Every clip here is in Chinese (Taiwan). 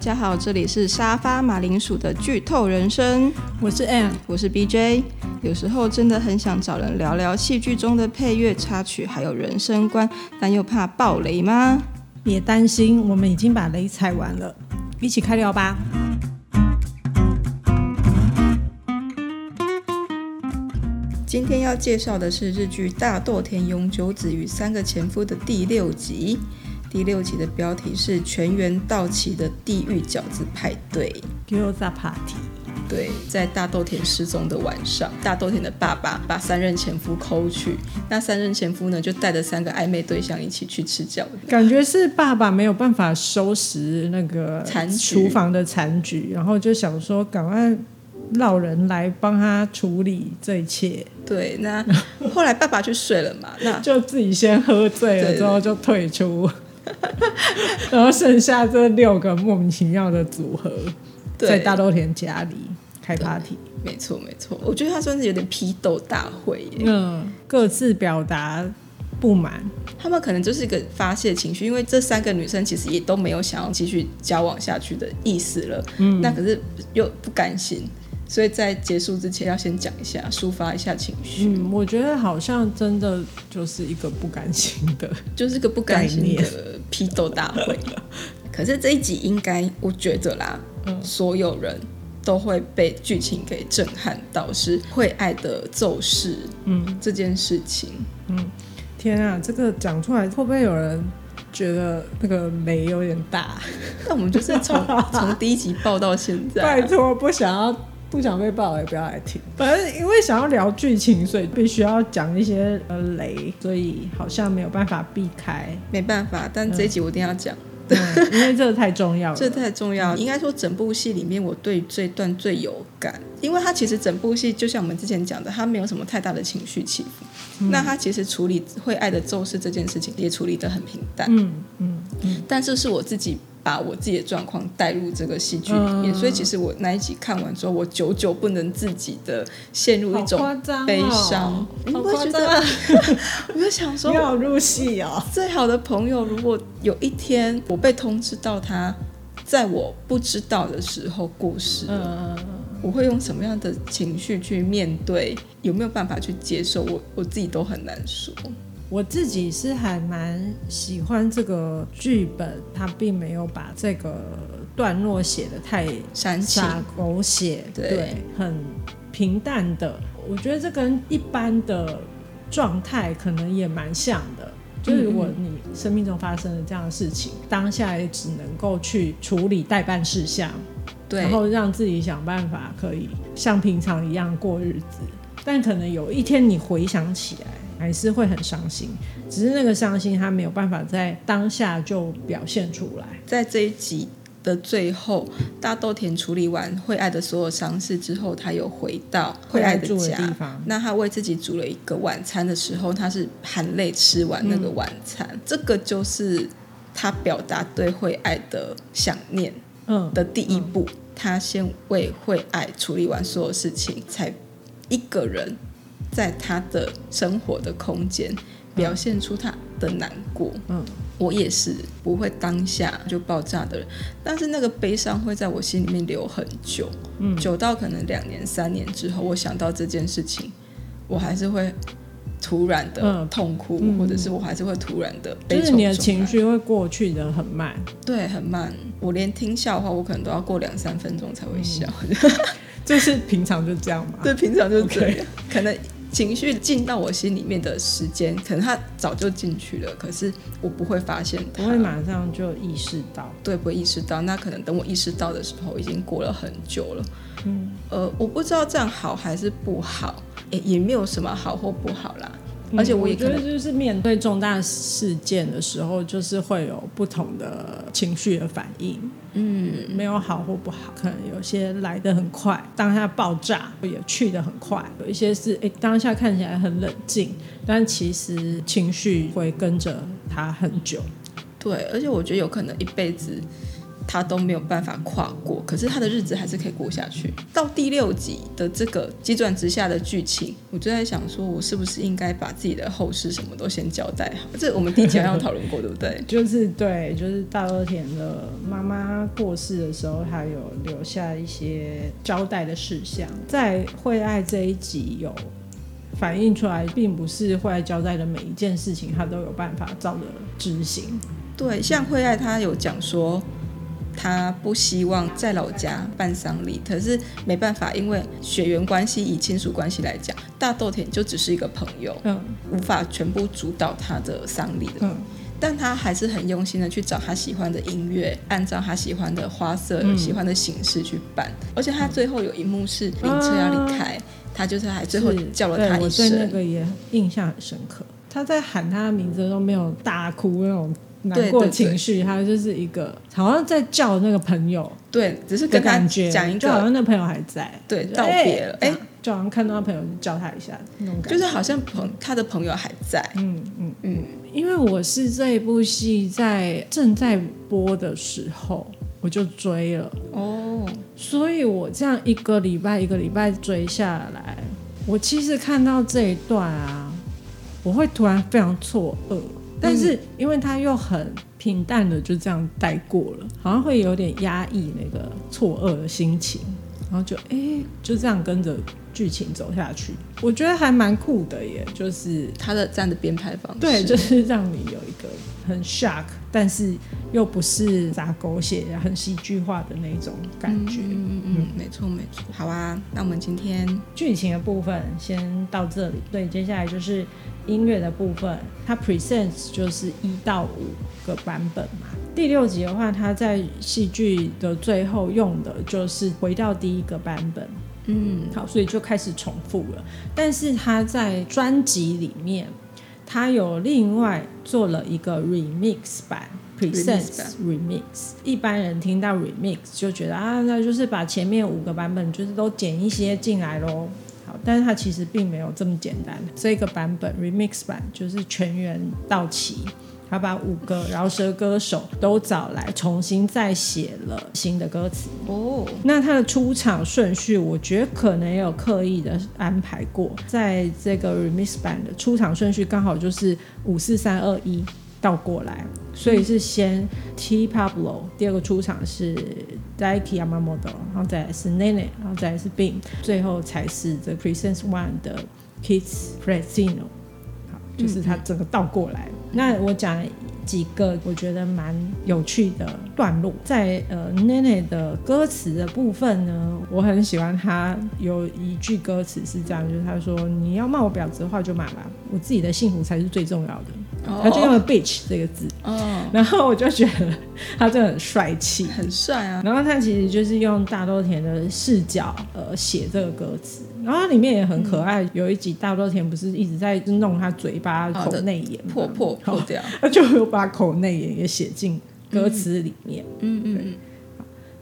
大家好，這裡是沙發馬鈴薯的劇透人生，我是 Ann，我是 BJ。有時候真的很想找人聊聊戲劇中的配樂插曲，還有人生觀，但又怕爆雷嗎？別擔心，我們已經把雷踩完了，一起開聊吧。今天要介紹的是日劇《大豆田永久子與三個前夫》的第六集。第六集的標題是《全員到齊的地獄餃子派對》。Gyoza party 對，在大豆田失蹤的晚上，大豆田的爸爸把三任前夫扣去，那三任前夫呢，就帶着三個曖昧對象一起去吃餃子。感覺是爸爸沒有辦法收拾那個殘廚房的殘局，然後就想說趕快讓人來幫他處理這一切。對，那後來爸爸去睡了嘛，那就自己先喝醉了，之後就退出。 然後剩下這六個莫名其妙的組合，在大豆田家裡開 party。沒錯，沒錯，我覺得他算是有點批鬥大會耶。嗯，各自表達不滿，他們可能就是一個發泄情緒，因為這三個女生其實也都沒有想要繼續交往下去的意思了。嗯，那可是又不甘心。所以在結束之前要先講一下，抒发一下情緒。嗯，我覺得好像真的就是一個不甘心的，就是一個不甘心的批鬥大會的。 可是這一集應該，我覺得啦，嗯、所有人都會被劇情給震撼到，是會愛的咒是嗯，這件事情。嗯，天啊，這個講出來會不會有人覺得那個美有點大？ 那我們就是從從 第一集爆到現在， 拜托不想要。不想被爆也不要來聽，反正因為想要聊劇情，所以必須要講一些呃雷，所以好像沒有辦法避開，沒辦法。但這一集我一定要講，嗯、 對，因為這個太重要了。這太重要了，嗯，應該說整部戲裡面我對這段最有感，因為它其實整部戲就像我們之前講的，它沒有什麼太大的情緒起伏。嗯、那它其實處理會愛的咒誓這件事情也處理得很平淡。嗯嗯嗯。嗯嗯，但是是我自己。把我自己的狀況帶入這個戲劇裡面，嗯、所以其實我那一集看完之後，我久久不能自己的陷入一種悲傷、哦欸。你不會覺得，啊、 我就想說，你好入戲啊、哦，最好的朋友，如果有一天我被通知到他在我不知道的時候過世，嗯、我會用什麼樣的情緒去面對？有沒有辦法去接受？我我自己都很難說。我自己是還蠻喜歡這個劇本。他並沒有把這個段落寫得太煽情清、狗血，對，對，很平淡的。我覺得這跟一般的狀態可能也蠻像的，就是如果你生命中發生了這樣的事情，嗯嗯，當下也只能夠去處理待辦事項，對，然後讓自己想辦法可以像平常一樣過日子，但可能有一天你回想起來。還是會很傷心，只是那個傷心他沒有辦法在當下就表現出來。在這一集的最後，大豆田處理完惠愛的所有傷勢之後，他又回到惠愛的家的地方，那他為自己煮了一個晚餐的時候，他是含淚吃完那個晚餐。嗯、這個就是他表達對惠愛的想念，嗯的第一步。嗯嗯、他先為惠愛處理完所有事情，才一個人，在他的生活的空間表現出他的難過。嗯，嗯我也是不會當下就爆炸的人，但是那個悲傷會在我心裡面留很久。嗯，久到可能兩年、三年之後，我想到這件事情，我還是會突然的痛哭，嗯、或者是我還是會突然的悲，就是你的情緒會過去的很慢。對，很慢。我連聽笑話，我可能都要過兩三分鐘才會笑。就、嗯、是平常就這樣嘛。 對，平常就這樣。Okay. 可能。情緒進到我心裡面的時間，可能他早就進去了，可是我不會發現它，不會馬上就意識到，對，不會意識到。那可能等我意識到的時候，已經過了很久了。嗯，呃，我不知道這樣好還是不好，也也沒有什麼好或不好啦。嗯、而且我，我覺得，就是面對重大事件的時候，就是會有不同的情緒的反應。嗯，嗯，沒有好或不好，可能有些來得很快，當下爆炸，也去得很快；有一些是，哎、欸，當下看起來很冷靜，但其實情緒會跟着他很久。對，而且我覺得有可能一輩子。他都沒有辦法跨過，可是他的日子還是可以過下去。到第六集的這個急轉直下的劇情，我就在想，說我是不是應該把自己的後事什麼都先交代好？這我們第一集好像討論過，對不對？就是對，就是大豆田的媽媽過世的時候，他有留下一些交代的事項，在惠愛這一集有反映出來，並不是惠愛交代的每一件事情，他都有辦法照着執行。對，像惠愛，她有講說。他不希望在老家辦喪禮，可是沒辦法，因為血緣關係，以親屬關係來講，大豆田就只是一個朋友，嗯，無法全部主導他的喪禮，嗯，對吧？嗯，但他還是很用心的去找他喜歡的音樂，按照他喜歡的花色、喜歡的形式去辦。嗯、而且他最後有一幕是靈車要離開，嗯、他就是還最後叫了他一聲。對，我對那個也印象很深刻。他在喊他的名字都沒有大哭那種。沒有難過的情緒，他就是一個好像在叫那個朋友，對，只是跟感覺，講一個，好像那朋友還在，對，道別了，哎、欸，欸、就好像看到他朋友就叫他一下那種感覺，就是好像朋他的朋友還在，嗯嗯嗯，因為我是這一部戲在正在播的時候我就追了，哦，所以我這樣一個禮拜一個禮拜追下來，我其實看到這一段啊，我會突然非常錯愕。但是，因為他又很平淡的就這樣帶過了，好像會有點壓抑那個錯愕的心情，然後就哎、欸，就這樣跟着。劇情走下去，我覺得還蠻酷的耶，就是他的站的編排方式，對，就是讓你有一個很 shock，但是又不是砸狗血、很戲劇化的那種感覺。嗯嗯嗯，沒錯沒錯。好啊，那我們今天劇情的部分先到這裡。對，接下來就是音樂的部分，它 presents 就是一到五個版本嘛。第六集的話，它在戲劇的最後用的就是回到第一個版本。嗯，好，所以就開始重複了。但是他在專輯裡面，他有另外做了一個 remix 版，Presence Remix。一般人聽到 remix 就覺得啊，那就是把前面五個版本就是都剪一些進來咯。好，但是他其實並沒有這麼簡單，這個版本 remix 版就是全員到齊。他把五個饒舌歌手都找來，重新再寫了新的歌詞哦。那他的出場順序，我覺得可能也有刻意的安排過。在這個 Remix 版的出場順序剛好就是五四三二一倒過來，嗯、所以是先 T-Pablow，第二個出場是 Daichi Yamamoto，然後再是 Nene，然後再是 BIM，最後才是 The Presence One 的 Kid Fresino。好，就是他整個倒過來。嗯嗯那我講了幾個我覺得蠻有趣的段落，在呃 NENE 的歌詞的部分呢，我很喜歡她有一句歌詞是這樣，就是她說，你要罵我婊子的話就罵吧，我自己的幸福才是最重要的，她就用了 bitch 這個字，哦。然後我就覺得她就很帥氣，很帥啊，然後她其實就是用大豆田的視角呃寫這個歌詞。然後他裡面也很可愛，嗯、有一集大豆田不是一直在弄他嘴巴口內炎、啊，破破破掉， 他就有把口內炎也寫進歌詞裡面。嗯嗯，對嗯嗯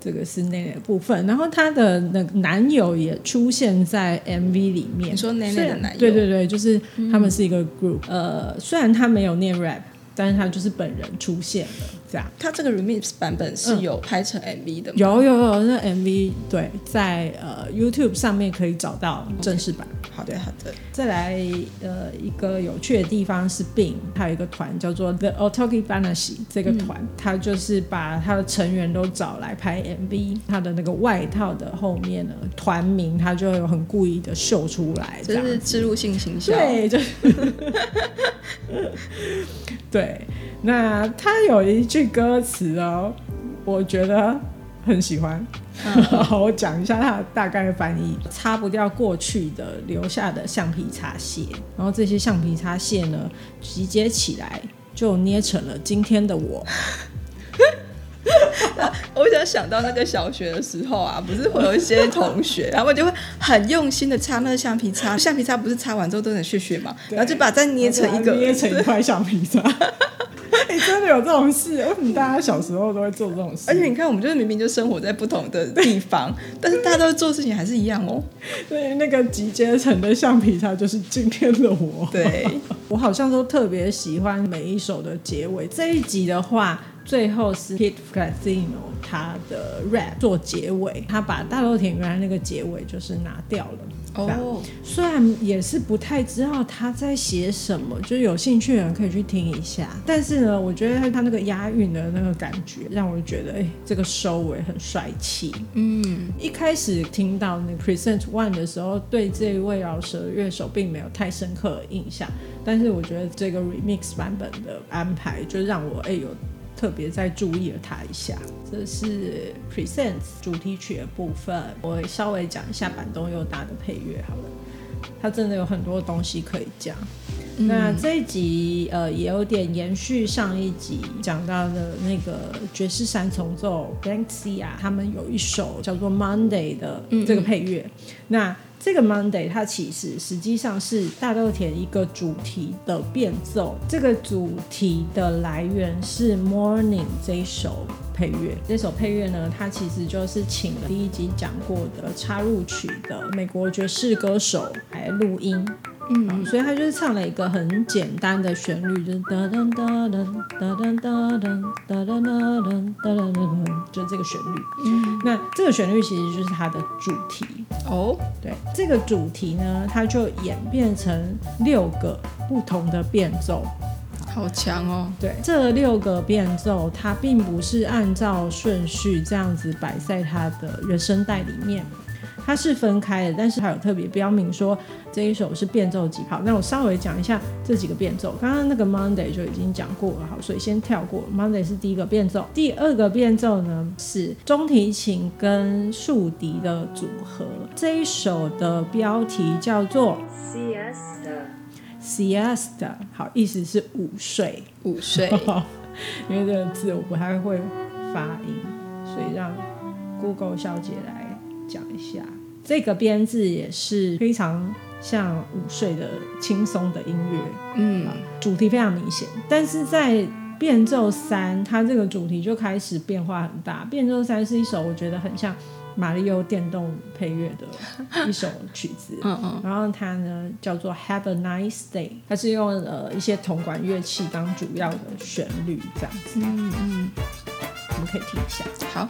這個是奈奈部分。然後他的那個男友也出現在 MV 裡面，你說奈奈的男友？對對對，就是他們是一個 group。嗯、呃，雖然他沒有念 rap，但是他就是本人出現了。這樣，它這個 remix 版本是有拍成 MV 的嗎？嗯，有有有，那 MV 對，在呃 YouTube 上面可以找到正式版。嗯、好的好的，再來呃一個有趣的地方是，BIM 它有一個團叫做 The Otogibanashi's 這個團他、嗯，就是把他的成員都找來拍 MV，他的那個外套的後面呢，團名他就有很故意的秀出來，就是植入性形象。對，就是， 對，那他有一。這歌詞啊，我覺得很喜歡。啊、 好，我講一下它大概的翻譯：擦不掉過去的，留下的橡皮擦屑，然後這些橡皮擦屑呢，集結起來就捏成了今天的我。 我想想到那個小學的時候啊，不是會有一些同學， 然後我就會很用心的擦那個橡皮擦。橡皮擦不是擦完之後都很屑屑嘛，對然後就把它再捏成一個，捏成一塊橡皮擦。是 哎、 欸，真的有這種事？為什麼大家小時候都會做這種事？而且你看，我們就是明明就生活在不同的地方，對但是大家都做事情還是一樣哦。所以那個集結成的橡皮擦就是今天的我。對，我好像都特別喜歡每一首的結尾。這一集的話，最後是 KID FRESINO 他的 rap 做結尾，他把大豆田原來那個結尾就是拿掉了。哦，雖然也是不太知道他在寫什麼，就有興趣的人可以去聽一下。但是呢，我覺得他那個押韻的那個感覺，讓我覺得誒、欸，這個收尾很帥氣。嗯，一開始聽到那個《Present One》的時候，對這一位饒舌樂手並沒有太深刻的印象，但是我覺得這個 Remix 版本的安排，就讓我誒、欸，有。特別再注意了他一下，這是 Presence 主題曲的部分。我稍微講一下坂東祐大的配樂好了，他真的有很多東西可以講。那這一集、嗯、呃也有點延續上一集講到的那個爵士三重奏 Banksia 啊， 他們有一首叫做 Monday 的這個配樂。嗯嗯那這個 Monday 它其實實際上是大豆田一個主題的變奏。這個主題的來源是 Morning 這一首配樂。這首配樂呢，它其實就是請了第一集講過的插入曲的美國爵士歌手來錄音。嗯，所以他就是唱了一個很簡單的旋律，就是、嗯、就這個旋律。嗯，那這個旋律其實就是他的主題哦。對，這個主題呢，它就演變成六個不同的變奏。好強哦！對，這六個變奏，它並不是按照順序這樣子擺在它的人聲帶裡面。它是分開的，但是它有特別標明說，這一首是變奏曲。好，那我稍微講一下這幾個變奏。剛剛那個 Monday 就已經講過了，好，所以先跳過。Monday 是第一個變奏。第二個變奏呢，是中提琴跟豎笛的組合。這一首的標題叫做 Siesta，Siesta，好，意思是午睡，午睡。 因為這個字我不太會發音，所以讓 Google 小姐來講一下。這個編製也是非常像午睡的輕鬆的音樂，嗯，主題非常明顯。但是在變奏三，它這個主題就開始變化很大。變奏三是一首我覺得很像馬里奧電動配樂的一首曲子， 嗯嗯，然後它呢叫做 Have a Nice Day，它是用呃一些銅管樂器當主要的旋律這樣子，嗯嗯，我們可以聽一下，好。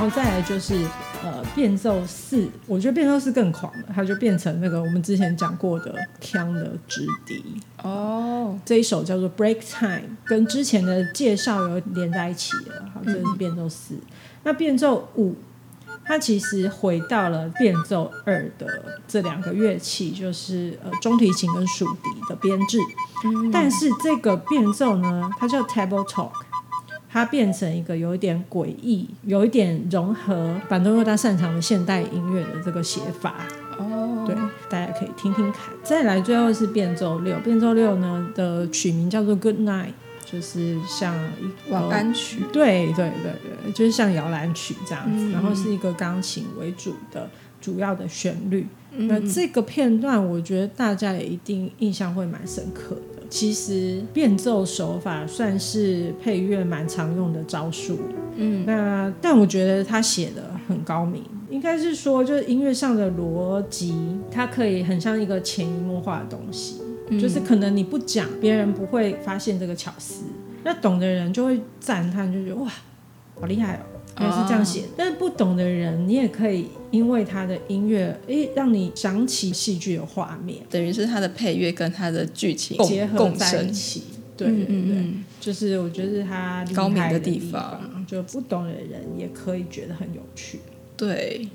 然後再來就是，呃，變奏四，我覺得變奏四更狂了，它就變成那個我們之前講過的腔的直笛哦，這一首叫做 Break Time，跟之前的介紹有連在一起了，好，這個，是變奏四。嗯、那變奏五，它其實回到了變奏二的這兩個樂器，就是呃中提琴跟豎笛的編制，嗯，但是這個變奏呢，它叫 Table Talk。它變成一個有一點詭異、有一點融合板凳六他擅長的現代音樂的這個寫法哦，oh. 對，大家可以聽聽看。再來最後是變奏六，變奏六呢的曲名叫做《Good Night》，就是像一個搖籃曲，對對對對，就是像搖籃曲這樣子，嗯、然後是一個鋼琴為主的主要的旋律。那這個片段，我覺得大家也一定印象會蠻深刻的。其實變奏手法算是配樂蠻常用的招數。嗯，那但我覺得他寫的很高明，應該是說就是音樂上的邏輯，它可以很像一個潛移默化的東西，就是可能你不講，別人不會發現這個巧思。那懂的人就會讚嘆，就覺得哇，好厲害哦，還是這樣寫。但是不懂的人，你也可以。因為他的音樂誒，讓你想起戲劇的畫面，等於是他的配樂跟他的劇情共結合在一起。共生。對，對，對，對，嗯、就是我覺得是他高明的地方，就不懂的人也可以覺得很有趣。對，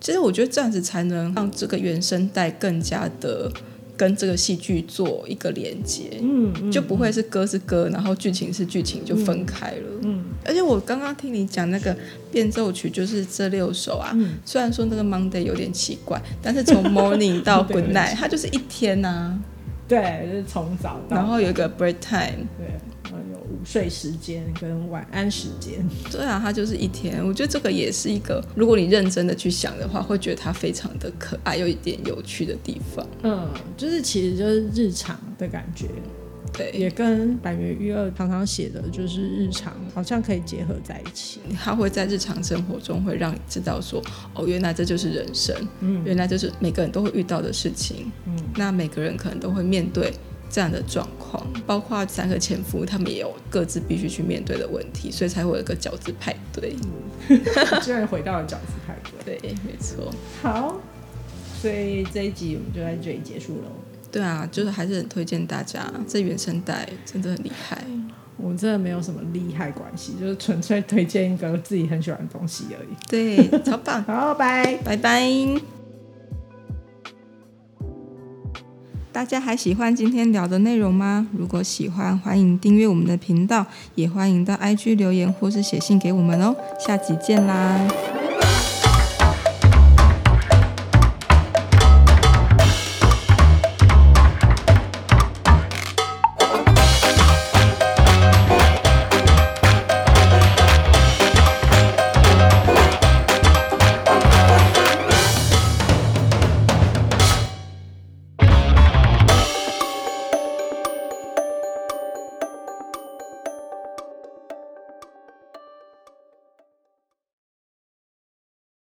其實我覺得這樣子才能讓這個原聲帶更加的。跟這個戲劇做一個連接，嗯，嗯，就不會是歌是歌，然後劇情是劇情就分開了，嗯。嗯，而且我剛剛聽你講那個變奏曲，就是這六首啊。嗯、雖然說那個 Monday 有點奇怪，但是從 Morning 到 Good Night， 對它就是一天吶，啊。對，就是從早到早然後有一個 Break Time，對。午睡時間跟晚安時間，對啊，他就是一天。我覺得這個也是一個，如果你認真的去想的話，會覺得它非常的可愛，有一點有趣的地方。嗯，就是其實就是日常的感覺，對，也跟百元育兒常常寫的就是日常，嗯，好像可以結合在一起。他會在日常生活中會讓你知道說，哦，原來這就是人生，嗯，原來就是每個人都會遇到的事情，嗯，那每個人可能都會面對。這樣的狀況，包括三個前夫，他們也有各自必須去面對的問題，所以才會有一個餃子派對。嗯、 居然回到了餃子派對，對，沒錯。好，所以這一集我們就在這裡結束了。對啊，就是還是很推薦大家，這原聲帶真的很厲害。我真的沒有什麼厲害關係，就是純粹推薦一個自己很喜歡的東西而已。對，超棒， 好，拜拜拜。Bye bye bye 大家還喜歡今天聊的內容嗎？如果喜歡，歡迎訂閱我們的頻道，也歡迎到 IG 留言或是寫信給我們哦。下集見啦！